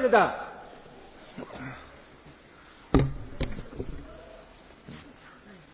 Preda.